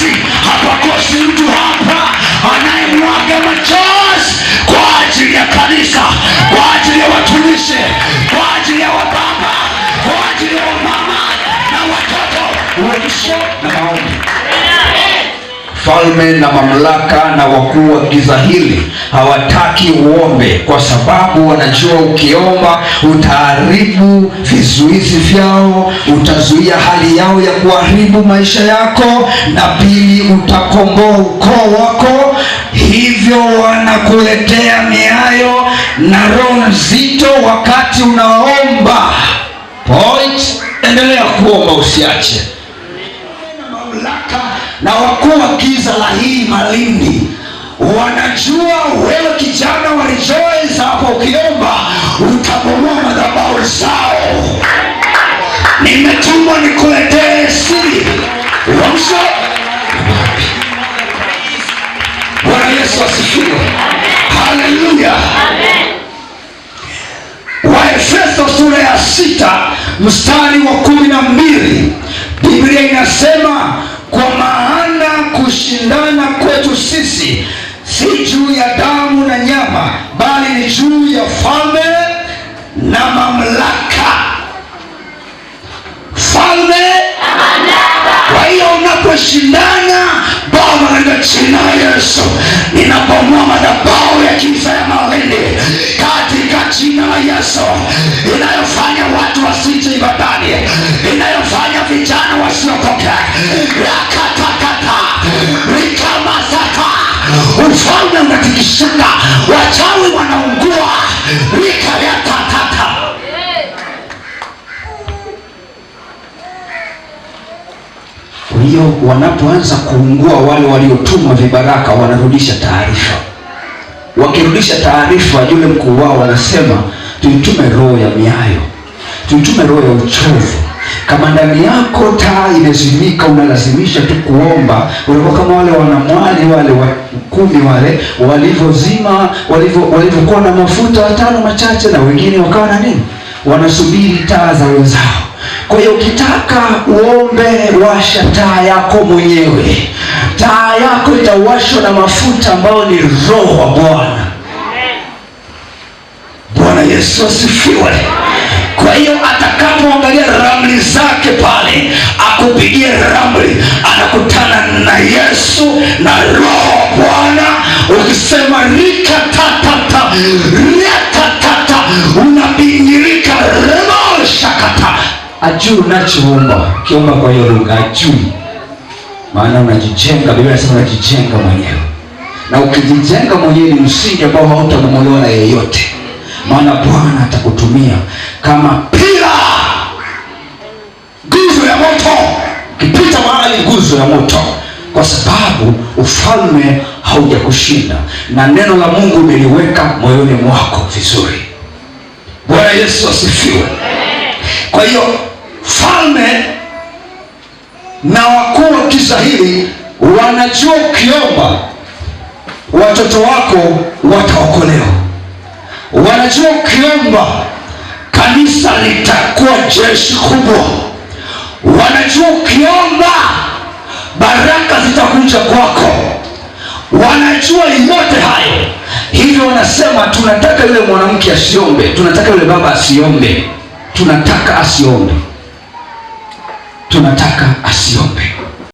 machozi. Hapakosi mtu hapa anayemwaga machozi kwa ajili ya kanisa, kwa ajili ya watumishi, kwa ajili ya wababa, kwa ajili ya wamama na watoto, uwenisho na maombi falme na mamlaka na wakuu wa giza hili hawataki uombe, kwa sababu wanajua ukiomba utaharibu vizuizi vyao, utazuia hali yao ya kuharibu maisha yako, na pili, utakomboa ukoo wako. Hivyo wanakuletea miayo na roho nzito wakati unaomba. Point, endelea kuomba usiache mamlaka na wakuu wa giza la hii Malindi wanajua wewe kijana wa Rejoice hapo, ukiomba utabomoa madhabahu zao. Nimetumwa nikuletee siri wamso. Bwana Yesu asifiwe, haleluya. Waefeso sura ya sita mstari wa kumi na mbili Biblia inasema kwa maana kushindana kwetu sisi si juu ya damu na nyama, bali ni juu ya falme na mamlaka. Falme na mamlaka. Kwa hiyo unaposhindana, Baba, katika jina la Yesu ninapomua madhabahu ya kisa ya mawende katika jina la Yesu inayofanya watu wasije ibadani Falme unatikishika wachawi wanaungua hiyo wanapoanza kuungua, wale waliotumwa vibaraka wanarudisha taarifa. Wakirudisha taarifa, yule mkuu wao wanasema, tuitume roho ya miayo, tuitume roho ya uchovu kama ndani yako taa imezimika, unalazimisha tu kuomba. Unakuwa kama wale wanamwali wale wa kumi wale walivyozima, walivyokuwa na mafuta watano machache, na wengine wakawa na nini, wanasubiri taa za wenzao. Kwa hiyo ukitaka uombe, washa taa yako mwenyewe. Taa yako itawashwa na mafuta ambayo ni Roho wa Bwana. Bwana Yesu asifiwe. Kwa hiyo atakapoangalia ramli zake pale, akupigie ramli, anakutana na Yesu na Roho Bwana. Ukisema rikatatata riatatata, unabingirika remoshakata, ajuu nachiumba kiumba. Kwa hiyo lugha ajuu, maana unajijenga. bibia inasema unajijenga mwenyewe, na ukijijenga mwenyewe ni msingi ambao hautabomolewa na yeyote, maana Bwana atakutumia kama pila, nguzo ya moto. Ukipita mahali nguzo ya moto, kwa sababu ufalme haujakushinda na neno la Mungu umeliweka moyoni mwako vizuri. Bwana Yesu asifiwe. Kwa hiyo falme na wakuu wa kisahili wanajua ukiomba watoto wako wataokolewa, wanajua ukiomba kanisa litakuwa jeshi kubwa. Wanajua ukiomba baraka zitakuja kwako, wanajua yote hayo. Hivyo wanasema tunataka yule mwanamke asiombe, tunataka yule baba asiombe, tunataka asiombe, tunataka asiombe.